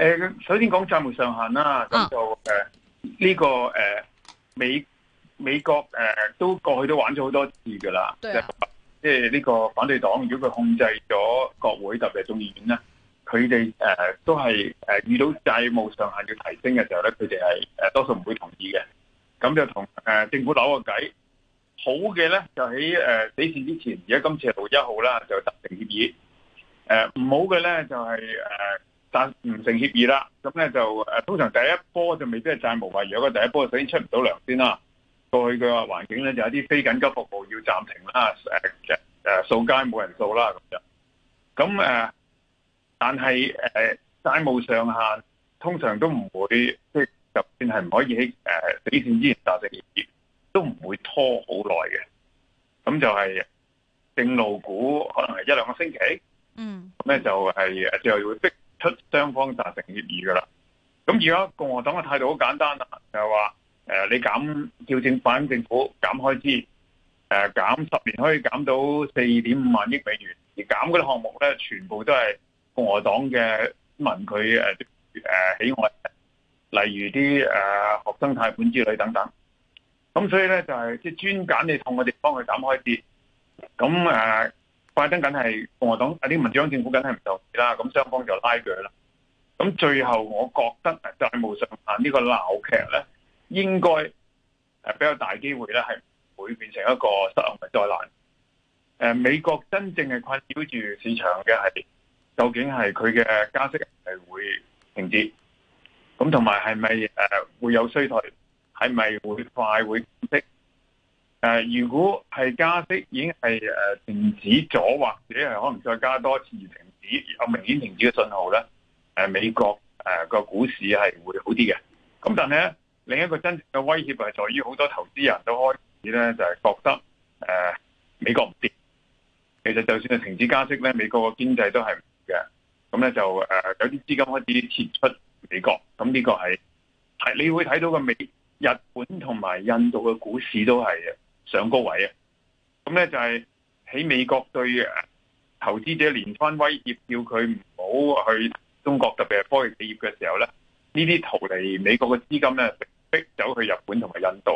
誒，首先講債務上限啦，咁、啊、就誒、這、呢個誒美美國誒都過去都玩咗好多次噶啦，即係呢個反對黨，如果佢控制咗國會特別係眾議院咧，佢哋誒都係誒遇到債務上限要提升嘅時候咧，佢哋係誒多數唔會同意嘅。咁就同誒政府扭個計，好嘅咧就喺誒死線之前，而家今次係六一號啦就達成協議，誒、呃、唔好嘅咧就係、是、誒。呃達唔成協議啦，咁咧就誒、啊，通常第一波就未必係債務違約嘅第一波，首先出唔到糧先啦。過去嘅環境咧，就有啲非緊急服務要暫停啦，誒、啊、誒，掃街冇人掃啦咁樣。咁誒、啊，但係誒，債、啊、務上限通常都唔會，即係，就算係唔可以喺誒死線之前達成協議，都唔會拖好耐嘅。咁就係正路股可能係一兩個星期，嗯，咁咧就係最後會逼。出雙方達成協議嘅啦。咁而家共和黨嘅態度好簡單啦，就係話誒，你減調整反政府減開支，誒減十年可以減到四點五萬億美元，而減嗰啲項目咧，全部都係共和黨嘅民佢誒誒喜愛，例如啲誒學生貸款之類等等。咁所以咧就係即專揀你同我哋幫佢減開支。咁誒。拜登緊係共和黨啊啲民主政府緊係唔同意啦，咁雙方就拉鋸啦。咁最後我覺得債務上限呢個鬧劇咧，應該係比較大機會咧，係會變成一個失控嘅災難。誒、呃，美國真正係困擾住市場嘅係究竟係佢嘅加息係咪會停止，咁同埋係咪誒會有衰退？係咪會快會息？誒，如果係加息已經係誒停止咗，或者係可能再加多次停止，有明顯停止嘅信號咧，誒，美國誒個股市係會好啲嘅。咁但係咧，另一個真正嘅威脅係在於好多投資人都開始咧就係、是、覺得誒、呃、美國唔跌，其實就算係停止加息咧，美國個經濟都係唔跌嘅。咁咧就誒有啲資金開始撤出美國，咁呢個係係你會睇到個美日本同埋印度嘅股市都係上高位啊！咁咧就係喺美國對投資者連番威脅，叫佢唔好去中國特別係科技企業嘅時候咧，呢啲逃離美國嘅資金咧逼走去日本同埋印度。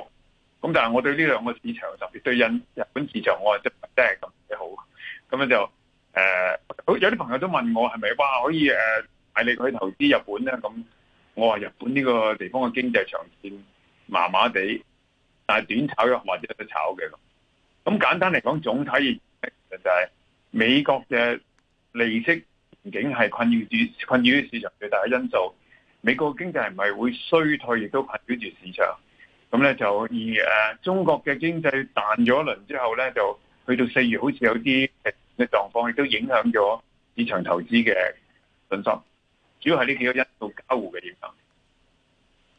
咁但係我對呢兩個市場，特別對印日本市場，我即係係咁嘅好。咁樣就好有啲朋友都問我係咪哇可以誒大力去投資日本咧？咁我話日本呢個地方嘅經濟長線麻麻地。但係短炒嘅或者炒嘅，咁，簡單嚟講，總體其實就係美國嘅利息環境係困擾住困擾住市場最大嘅因素。美國嘅經濟係唔係會衰退，亦都困擾住市場。咁咧就而誒，中國嘅經濟彈咗一輪之後咧，就去到四月，好似有啲嘅狀況亦都影響咗市場投資嘅信心。主要係呢幾個因素交互嘅影響。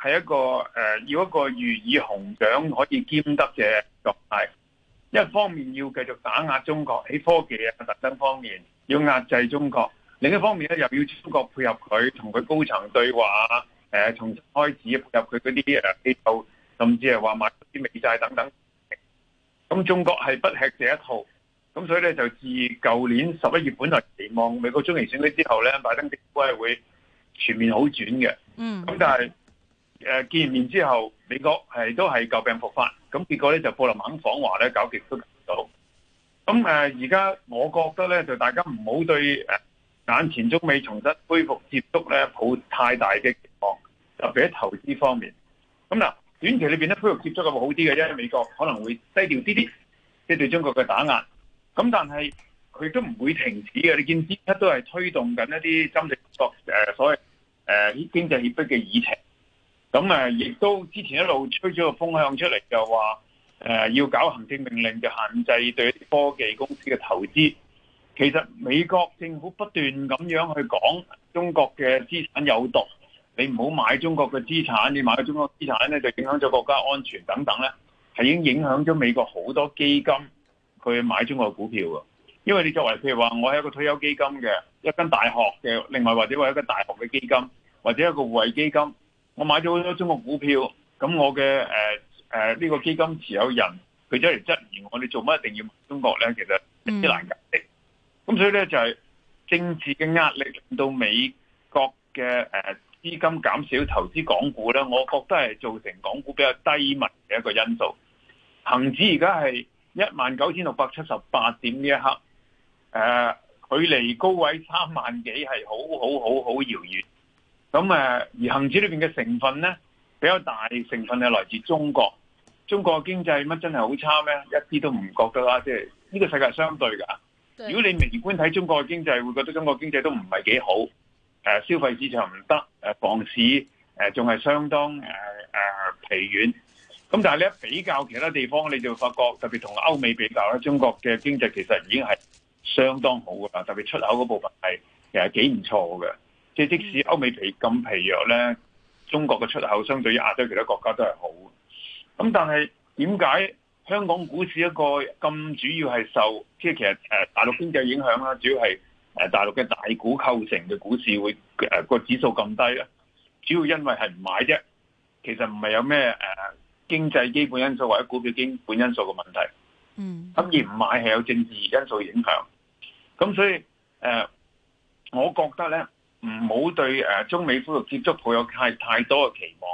係一個誒、呃，要一個魚與熊掌可以兼得嘅狀態。一方面要繼續打壓中國喺科技啊特登方面要壓制中國，另一方面咧又要中國配合佢同佢高層對話，誒、呃、從開始配合佢嗰啲啊機構，甚至係話買啲美債等等。咁中國係不吃這一套，咁所以咧就自舊年十一月本來期望美國中期選舉之後咧拜登政府係會全面好轉嘅。嗯，咁但係。嗯誒，見完面之後，美國係都係舊病復發，咁結果咧就布林肯訪華咧，搞極都唔到。咁誒，而、呃、家我覺得咧，就大家唔好對誒眼前中美重新恢復接觸咧抱太大嘅期望，特別喺投資方面。咁嗱，短期裏邊咧，恢復接觸嘅會好啲嘅，因為美國可能會低調啲啲，即係對中國嘅打壓。咁但係佢都唔會停止嘅，你見支出都係推動緊一啲針對國誒所謂誒、呃、經濟脅迫嘅議程。咁誒，亦都之前一路吹咗個風向出嚟，就話誒要搞行政命令，就限制對一啲科技公司嘅投資。其實美國政府不斷咁樣去講中國嘅資產有毒，你唔好買中國嘅資產，你買中國資產咧就影響咗國家安全等等咧，係已經影響咗美國好多基金去買中國股票㗎。因為你作為譬如話，我係一個退休基金嘅一間大學嘅，另外或者我係一個大學嘅基金，或者一個護衞基金。我買咗好多中國股票，咁我嘅誒誒呢個基金持有人佢就嚟質疑我哋做乜一定要買中國咧？其實一啲難解。咁所以咧就係、是、政治嘅壓力令到美國嘅誒、呃、資金減少投資港股咧，我覺得係造成港股比較低迷嘅一個因素。恒指而家係一萬九千六百七十八點，呢一刻，誒、呃、距離高位三萬幾係好好好好遙遠。咁誒，而恒指裏面嘅成分咧，比較大成分係來自中國。中國經濟乜真係好差咩？一啲都唔覺得啦。即係呢個世界相對㗎。如果你微觀睇中國嘅經濟，會覺得中國經濟都唔係幾好。誒，消費市場唔得。誒，房市誒仲係相當誒啊啊疲軟。咁但係你一比較其他地方，你就會發覺特別同歐美比較咧，中國嘅經濟其實已經係相當好㗎啦。特別出口嗰部分係其實幾唔錯嘅。即係即使歐美疲咁疲弱咧，中國嘅出口相對於亞洲其他國家都係好。咁但係點解香港股市一個咁主要係受即係、即係、其實誒大陸經濟嘅影響啦，主要係誒大陸嘅大股構成嘅股市會誒個指數咁低咧？主要因為係唔買啫。其實唔係有咩誒經濟基本因素或者股票基本因素嘅問題。嗯。咁而唔買係有政治因素嘅影響。咁所以誒，我覺得咧。唔好對中美複合接觸抱有太太多嘅期望，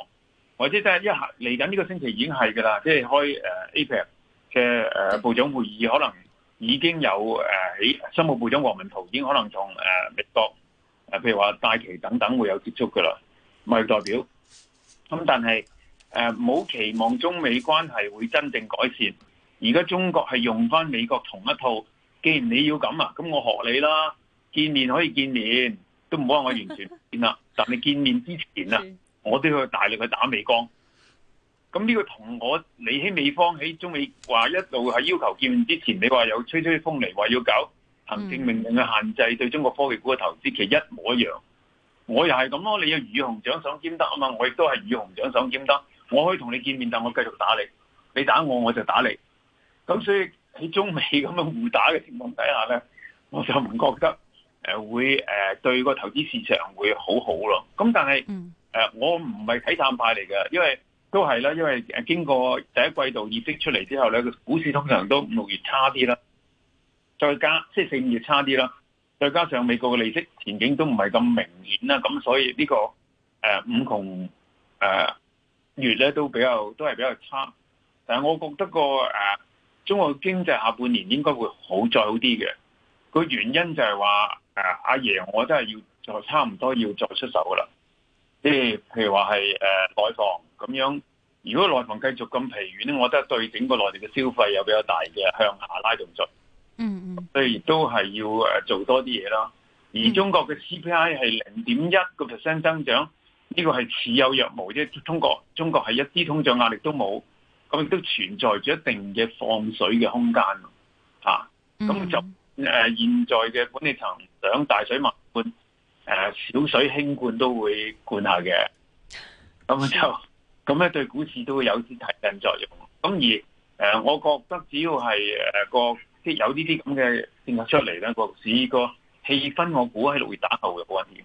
或者即係一下嚟緊呢個星期已經係噶啦，即係開 APEC 嘅誒部長會議，可能已經有誒喺商務部長黃文濤已經可能同誒美國譬如話戴琪等等會有接觸噶啦，唔係代表。咁但係唔好期望中美關係會真正改善。而家中國係用翻美國同一套，既然你要咁啊，咁我學你啦，見面可以見面。 都唔好話我完全唔見啦，但你見面之前啊， 我都要去大力去打美光。咁呢個同我你喺美方喺中美話一路係要求見面之前，你話有吹吹風嚟話要搞行政命令嘅限制對中國科技股嘅投資，其實一模一樣。我又係咁咯，你有魚與熊掌兼得啊嘛，我亦都係魚與熊掌兼得。我可以同你見面，但我繼續打你，你打我我就打你。咁所以喺中美咁樣互打嘅情況底下咧，我就唔覺得。誒，會誒對個投資市場會好好、啊、咯。咁但係誒、嗯呃，我唔係睇淡派嚟嘅，因為都係啦，因為經過第一季度業績出嚟之後咧，股市通常都五六月差啲啦，再加即係四五月差啲啦，再加上美國嘅利息前景都唔係咁明顯啦，咁所以、這個呃呃、呢個誒五窮誒月咧都比較都係比較差。但係我覺得個誒、呃、中國經濟下半年應該會好再好啲嘅，個原因就係話。啊，阿爺，我真係要就差唔多要再出手噶啦，即係譬如話係誒內房咁樣，如果內房繼續咁疲軟咧，我覺得對整個內地嘅消費有比較大嘅向下拉動作用嗯嗯，所以亦都係要誒做多啲嘢啦。而中國嘅 CPI 係零點一個 percent 增長，呢、嗯嗯這個係似有若無，即係中國中國係一啲通脹壓力都冇，咁亦都存在住一定嘅放水嘅空間啊。咁就。嗯嗯誒、呃，現在嘅管理層兩大水漫灌，誒、呃、小水輕灌都會灌下嘅，咁就咁咧對股市都會有啲提振作用。咁而誒、呃，我覺得只要係誒個即係有呢啲咁嘅政策出嚟咧，個市個氣氛我估喺係會打後嘅好緊要。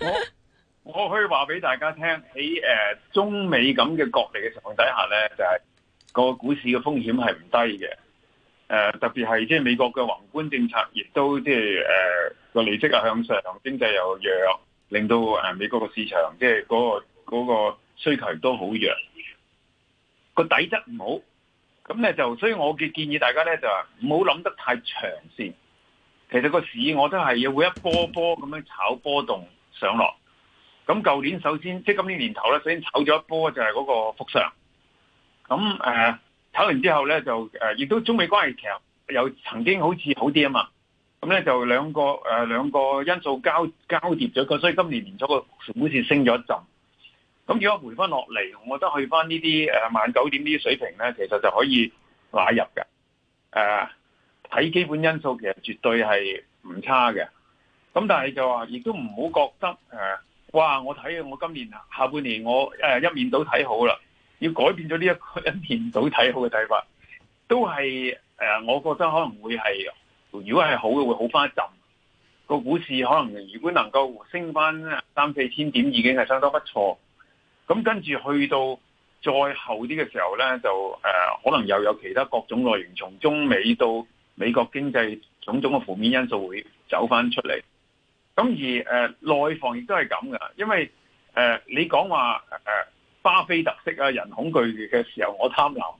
我我可以話俾大家聽，喺誒中美咁嘅角力嘅情況底下咧，就係、是、個股市嘅風險係唔低嘅。誒、呃，特別係即係美國嘅宏觀政策亦都即係誒個利息啊向上，經濟又弱，令到誒美國個市場即係嗰個嗰、嗰個需求都好弱，個底質唔好。咁咧就所以，我嘅建議大家咧就唔好諗得太長線。其實個市我都係要會一波波咁樣炒波動上落，咁舊年首先即係今年年頭咧，首先炒咗一波就係嗰個復常，咁誒、啊、炒完之後咧就誒，亦、啊、都中美關係其實又曾經好似好啲啊嘛，咁咧就兩個誒、啊、兩個因素交交疊咗，咁所以今年年初個股市好似升咗一陣。咁如果回翻落嚟，我覺得去翻呢啲誒萬九點呢啲水平咧，其實就可以買入嘅。誒、啊，睇基本因素其實絕對係唔差嘅。咁但係就話，亦都唔好覺得誒、呃，哇！我睇我今年下半年我誒、呃、一面倒睇好啦，要改變咗呢一一面倒睇好嘅睇法，都係誒、呃，我覺得可能會係，如果係好嘅會好翻一浸，個股市可能如果能夠升翻三四千點，已經係相當不錯。咁跟住去到再後啲嘅時候咧，就誒、呃、可能又有其他各種類型從中美到美國經濟種種嘅負面因素會走翻出嚟。咁而誒、呃、內房亦都係咁㗎，因為誒、呃、你講話誒巴菲特式啊，人恐懼嘅時候我貪婪，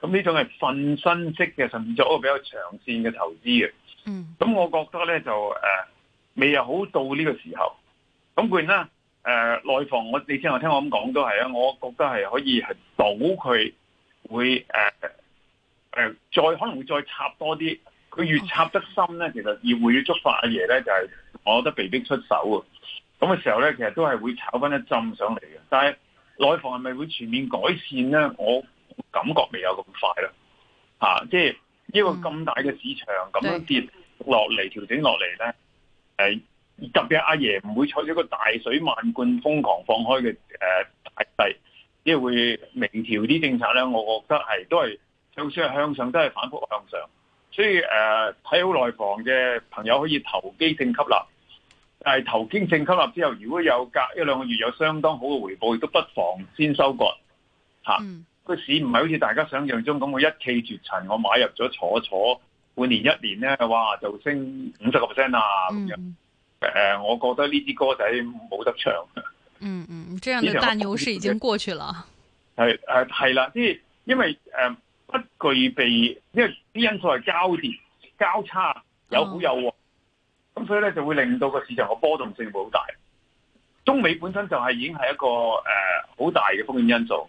咁呢種係瞓身式嘅，甚至做一個比較長線嘅投資嘅。嗯，咁我覺得咧就誒、呃、未有好到呢個時候。咁固然啦，誒、呃、內房我你前聽我聽我咁講都係啊，我覺得係可以係賭佢會誒、呃、再可能會再插多啲。佢越插得深咧、嗯，其實而會觸發阿爺咧就係、是。我覺得被逼出手啊！咁、那、嘅、個、時候咧，其實都係會炒翻一浸上嚟嘅。但係內房係咪會全面改善咧？我感覺未有咁快啦、啊，即係一個咁大嘅市場咁、嗯、樣跌落嚟調整落嚟咧，誒特別阿爺唔會出一個大水漫灌、瘋狂放開嘅誒大勢，即係會微調啲政策咧。我覺得係都係就算係向上，都係反覆向上。所以誒，睇、呃、好內房嘅朋友可以投機性吸納。但係投經正吸納之後，如果有隔一兩個月有相當好嘅回報，亦都不妨先收割吓。個、嗯啊、市唔係好似大家想像中咁，我一企絕塵，我買入咗坐坐半年一年咧，哇就升五十個 percent 啦咁樣。誒、啊嗯呃，我覺得呢啲歌仔冇得唱。嗯嗯，這樣嘅大牛市已經過去喇。係誒係啦，即係因為誒、呃、不具備，因為啲因素係交疊交叉，有好有壞。咁所以咧就會令到個市場個波動性會好大，中美本身就係已經係一個誒好、呃、大嘅風險因素。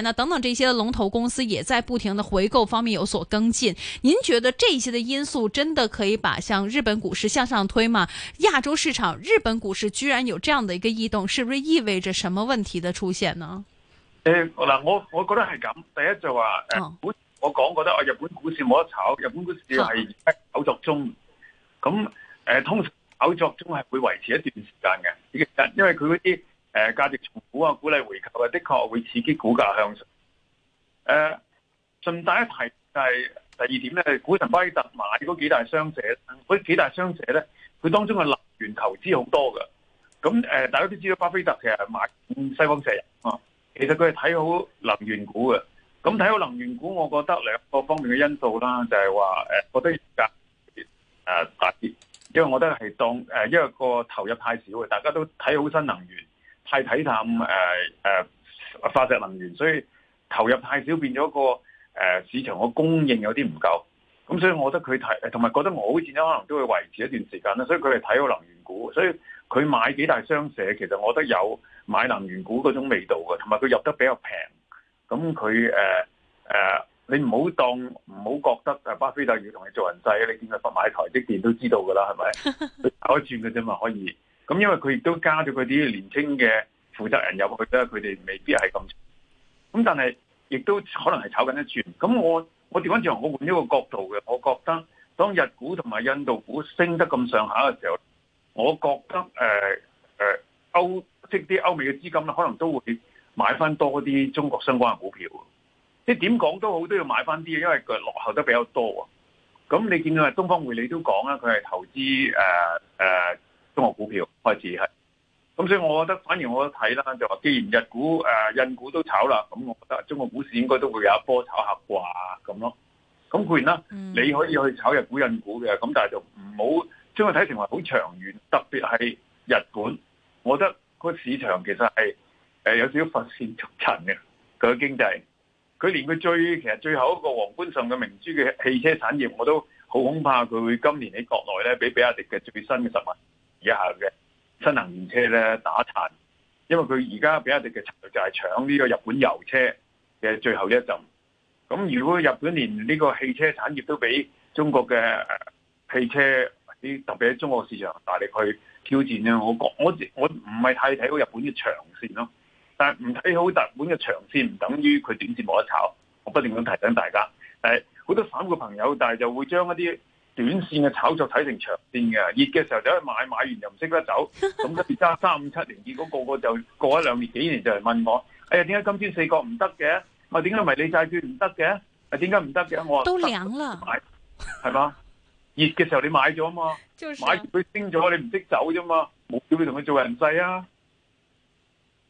那等等這些龍頭公司也在不停的回購方面有所跟進，您覺得這些的因素真的可以把像日本股市向上推嗎？亞洲市場日本股市居然有這樣的一個異動，是不是意味着什麼問題的出現呢？誒、呃呃、我我覺得係咁，第一就話、是、誒、呃哦，我講覺得啊，日本股市冇得炒，日本股市係喺炒作中，咁、哦、誒、呃，通常炒作中係會維持一段時間嘅，因為佢嗰啲。誒，價值重估啊，鼓勵回購啊，的確會刺激股價向上。誒，順帶一提就係第二點咧，股神巴菲特買嗰幾大商社，幾大商社咧，佢當中嘅能源投資好多噶。咁誒，大家都知道巴菲特其實係買西方石油啊嘛，其實佢係睇好能源股嘅。咁睇好能源股，我覺得兩個方面嘅因素啦，就係話誒，覺得價誒大跌，因為我覺得係當誒，因為一個投入太少嘅，大家都睇好新能源。太睇淡誒誒化石能源，所以投入太少，變咗個誒、呃、市場個供應有啲唔夠，咁所以我覺得佢睇同埋覺得我啲錢可能都會維持一段時間啦，所以佢哋睇好能源股，所以佢買幾大商社，其實我覺得有買能源股嗰種味道嘅，同埋佢入得比較平，咁佢誒誒你唔好當唔好覺得誒巴菲特要同你做人際，你見佢買台積電都知道㗎啦，係咪？佢打一轉嘅啫嘛，可以。咁因為佢亦都加咗佢啲年輕嘅負責人入去啦，佢哋未必係咁。咁但係亦都可能係炒緊一轉。咁我我調翻轉我換一個角度嘅，我覺得當日股同埋印度股升得咁上下嘅時候，我覺得誒、呃、歐即啲歐美嘅資金可能都會買翻多啲中國相關嘅股票。即係點講都好，都要買翻啲，因為佢落後得比較多。咁你見到係東方匯理你都講啦，佢係投資誒、呃呃、中國股票。開始係，咁所以我覺得反而我睇啦，就話既然日股誒、啊、印股都炒啦，咁我覺得中國股市應該都會有一波炒客啩咁咯。咁固然啦、嗯，你可以去炒日股印股嘅，咁但係就唔好將佢睇成為好長遠。特別係日本，我覺得個市場其實係誒有少少乏善足陳嘅佢嘅經濟。佢連佢最其實最後一個皇冠上嘅明珠嘅汽車產業，我都好恐怕佢會今年喺國內咧畀比亞迪嘅最新嘅十萬以下嘅新能源車咧打殘，因為佢而家俾我哋嘅策略就係搶呢個日本油車嘅最後一陣。咁如果日本連呢個汽車產業都俾中國嘅汽車，啲特別喺中國市場大力去挑戰咧，我覺我我唔係太睇好日本嘅長線咯。但係唔睇好日本嘅長線，唔等於佢短線冇得炒。我不停咁提醒大家，誒好多散戶朋友，但係就會將一啲。短線嘅炒作睇成長線嘅，熱嘅時候就一買，買完就唔識得走，咁跟住揸三五七年，結果個個就過咗兩年幾年就嚟問我：哎呀，點解今天四國唔得嘅？啊，點解迷你債券唔得嘅？啊，點解唔得嘅？我話都涼啦，係 嘛？熱嘅時候你買咗嘛，就係啊？買完佢升咗，你唔識走啫嘛？冇叫你同佢做人世啊！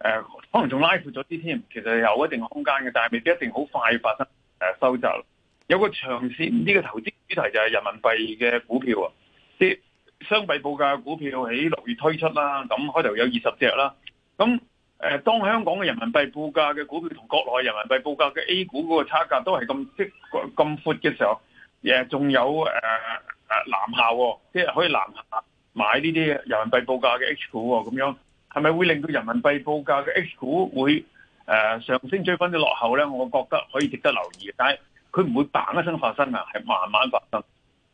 誒、呃，可能仲拉闊咗啲添，其實有一定空間嘅，但係未必一定好快發生誒收窄。有個長線呢、這個投資主題就係人民幣嘅股票啊，啲雙幣報價嘅股票喺六月推出啦，咁開頭有二十隻啦。咁誒、呃，當香港嘅人民幣報價嘅股票同國內人民幣報價嘅 A 股嗰個差價都係咁即咁闊嘅時候，誒，仲有誒誒南下、哦，即係可以南下買呢啲人民幣報價嘅 H 股咁、哦、樣。係咪會令到人民幣報價嘅 H 股會誒上升追翻啲落後咧？我覺得可以值得留意，但係佢唔會嘭一聲發生啊，係慢慢發生。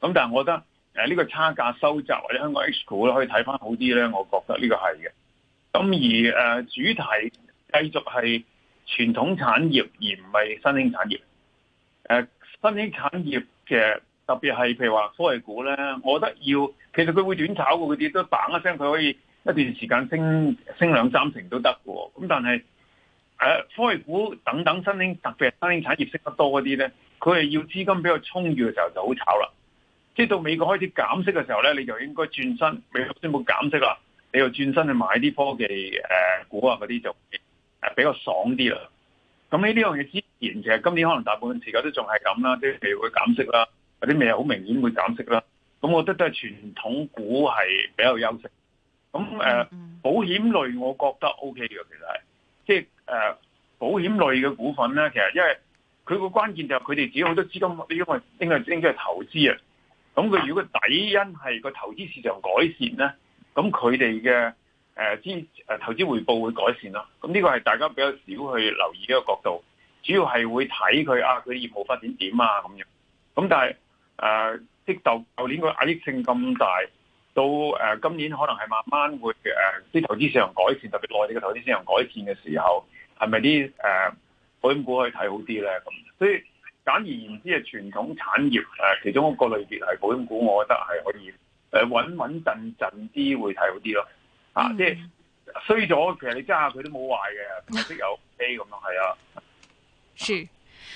咁但係我覺得誒呢、呃這個差價收窄或者香港 H 股咧可以睇翻好啲咧，我覺得呢個係嘅。咁而誒、呃、主題繼續係傳統產業而唔係新興產業。誒、呃、新興產業嘅特別係譬如話科技股咧，我覺得要其實佢會短炒嘅嗰啲都嘭一聲佢可以。一段時間升升兩三成都得喎。咁但係科技股等等新興特別係新興產業升得多啲咧，佢係要資金比較充裕嘅時候就好炒啦。即係到美國開始減息嘅時候咧，你就應該轉身，美國先冇減息啦，你又轉身去買啲科技、呃、股啊嗰啲就比較爽啲啦。咁喺呢樣嘢之前，其實今年可能大部分時間都仲係咁啦，即係譬如會減息啦，或者未係好明顯會減息啦。咁我覺得都係傳統股係比較優勝。咁誒、呃 mm-hmm. 保險類，我覺得 O K 嘅，其實即係、呃、保險類嘅股份咧，其實因為佢個關鍵就係佢哋自己好多資金，因為應該應該係投資啊。咁佢如果底因係個投資市場改善咧，咁佢哋嘅誒投資回報會改善咯。咁呢個係大家比較少去留意個角度，主要係會睇佢啊，佢業務發展點啊咁樣。咁但係誒、呃，即就舊年個壓抑性咁大。到誒今年可能係慢慢會誒啲、啊、投資市場改善，特別內地嘅投資市場改善嘅時候，係咪啲誒保險股可以睇好啲咧？咁所以簡而言之，係傳統產業誒、啊、其中一個類別係保險股，我覺得係可以誒、啊、穩穩陣陣啲會睇好啲咯。Mm. 啊，即係衰咗，其實你揸下佢都冇壞嘅，顏色又 OK 咁樣，係啊。是。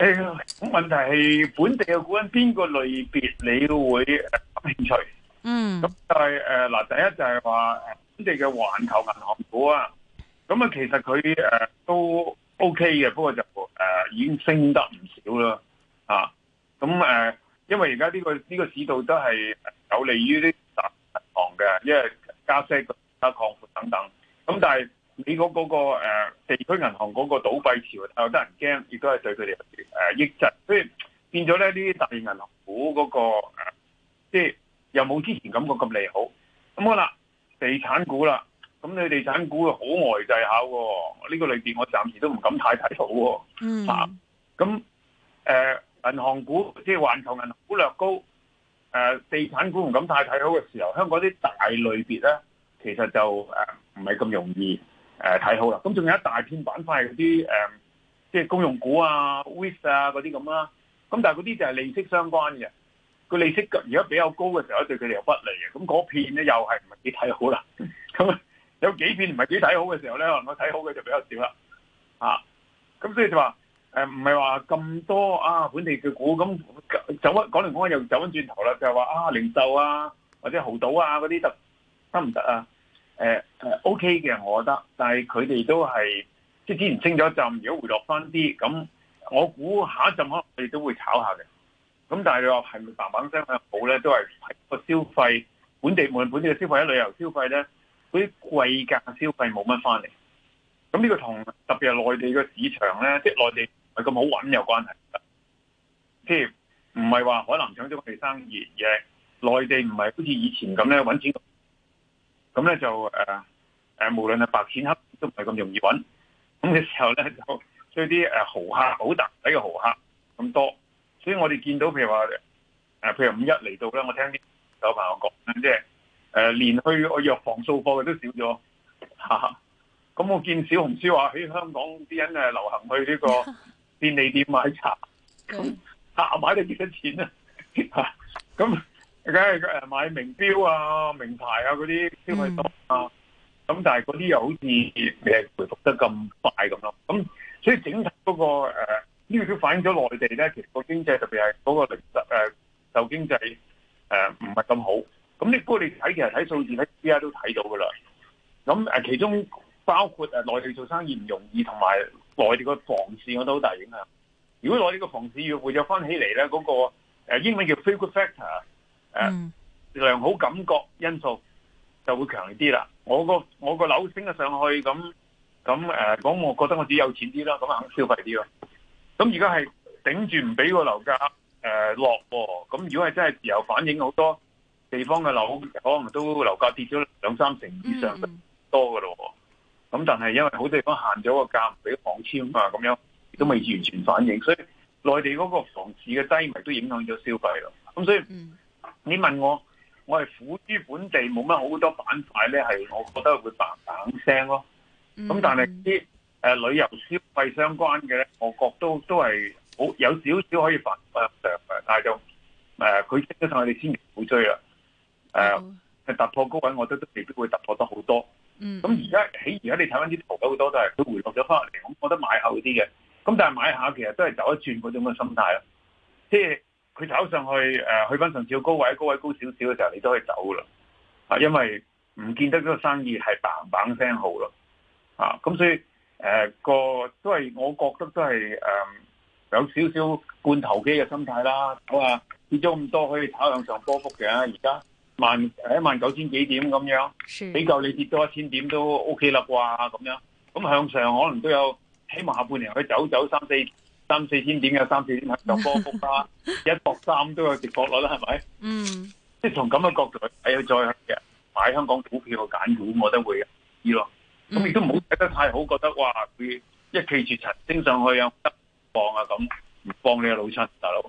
誒、哎，咁問題係本地嘅股份邊個類別你會感興趣？嗯，咁但係誒嗱，第一就係話本地嘅環球銀行股啊，咁、嗯、啊其實佢誒、呃、都 OK 嘅，不過就誒、呃、已經升得唔少啦，吓、啊，咁、嗯、誒、呃，因為而家呢個呢、這個市道都係有利於啲大銀行嘅，因為加息加擴闊等等，咁、嗯、但係，你嗰嗰個地區銀行嗰個倒閉潮又得人驚，亦都係對佢哋誒抑制，所以變咗咧呢啲大型銀行股、嗰、那個、呃、即係又冇之前感覺咁利好。咁好啦，地產股啦，咁你地產股好呆滯下喎，呢、這個類別我暫時都唔敢太睇好。嗯，咁、啊、誒、呃、銀行股即係環球銀行股略高，誒、呃、地產股唔敢太睇好嘅時候，香港啲大類別咧其實就誒唔係咁容易。誒睇好啦，咁仲有一大片板塊嗰啲誒，即係公用股啊、w i s k 啊嗰啲咁啦，咁但係嗰啲就係利息相關嘅，個利息如果比較高嘅時候咧，對佢哋又不利嘅，咁嗰片咧又係唔係幾睇好啦？咁有幾片唔係幾睇好嘅時候咧，我睇好嘅就比較少啦。啊，咁所以就話誒，唔係話咁多啊本地嘅股，咁走翻講嚟講去又走翻轉頭啦，就係話啊零售啊或者濠賭啊嗰啲得得唔得啊？誒誒 OK 嘅，我覺得，但係佢哋都係即係之前升咗一陣，如果回落翻啲，咁我估下一陣可能佢哋都會炒一下嘅。咁但係你話係咪砰砰聲向好咧？都係喺個消費本地無論本地嘅消費，或者旅遊消費咧，嗰啲貴價消費冇乜翻嚟。咁呢個同特別係內地嘅市場咧，即係內地唔係咁好揾有關係的。即係唔係話海南搶咗我哋生意嘅？內地唔係好似以前咁咧揾錢。咁咧就誒、呃、無論係白錢黑都唔係咁容易揾。咁嘅時候咧，就所以啲豪客好特別嘅豪客咁多，所以我哋見到譬如話譬如五一嚟到啦，我聽啲有朋友講，即係、呃、連去個藥房掃貨嘅都少咗。咁我見小紅書話喺香港啲人誒流行去呢個便利店買茶，咁嚇買咗幾多錢啊？咁、啊。梗係誒買名錶啊、名牌啊嗰啲消費品啊，咁、mm. 但係嗰啲又好似未係回復得咁快咁咯。咁所以整體嗰、那個誒呢、呃這個都反映咗內地咧，其實那個經濟特別係嗰個零售誒受經濟誒唔係咁好。咁你不過你睇其實睇數字咧，而家都睇到噶啦。咁誒、呃、其中包括誒內、呃、地做生意唔容易，同埋內地個房市我都好大影響。如果內地個房市要回咗翻起嚟咧，嗰、那個誒、呃、英文叫 feel good factor。誒、mm.，良好感覺因素就會強啲啦。我個我個樓升得上去，咁咁誒，咁我覺得我自己有錢啲啦，咁啊肯消費啲咯。咁而家係頂住唔俾個樓價誒落喎。咁如果係真係自由反應，好多地方嘅樓可能都樓價跌咗兩三成以上都多噶咯。咁但係因為好多地方限咗個價唔俾房簽啊，咁樣亦都未完全反應，所以內地嗰個房市嘅低迷都影響咗消費咯。咁所以、mm.。你問我，我係苦於本地冇乜好多板塊咧，係我覺得會嘭嘭聲咯。咁、mm -hmm. 但係啲誒旅遊消費相關嘅咧，我覺得都都係好有少少可以發誒上嘅，但係就誒佢即上我哋千祈唔好追啦。誒、呃，mm -hmm. 突破高位我覺得都未必會突破得好多。咁而家起，而家你睇翻啲圖，好多都係佢回落咗翻嚟，我覺得買下啲嘅。咁但係買下其實都係走一轉嗰種嘅心態咯，即、就、係、是。佢炒上去，誒去翻上次高位，高位高少少嘅時候，你都可以走噶啦，啊，因為唔見得嗰個生意係嘭嘭聲好咯，啊，咁所以誒個都係，我覺得都係誒、嗯、有少少半投機嘅心態啦。咁啊跌咗咁多，可以炒向上波幅嘅。而家萬係一萬九千幾點咁樣，比較你跌多一千點都 O K 啦啩咁樣，咁向上可能都有希望下半年可以走走三四。三四千點嘅，三四千就波幅啦， 一搏三都有直落落啦，係 咪？嗯，即係從咁嘅角度去睇，佢、哎、再嘅買香港股票嘅揀股，我都會我也知咯。咁、嗯、亦、嗯、都唔好睇得太好，覺得哇，佢一企住塵升上去、嗯、不啊，好得放啊咁，唔放你的老七大佬。